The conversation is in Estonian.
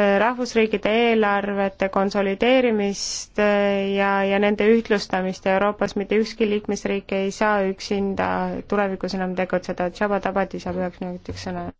Äh, rahvusriikide eelarvete konsolideerimist äh, ja, ja nende ühtlustamist Euroopas, mitte ükski liikmesriik ei saa üksinda tulevikus enam tegutseda, Tšaba Tabati saab üheks minutiks sõna.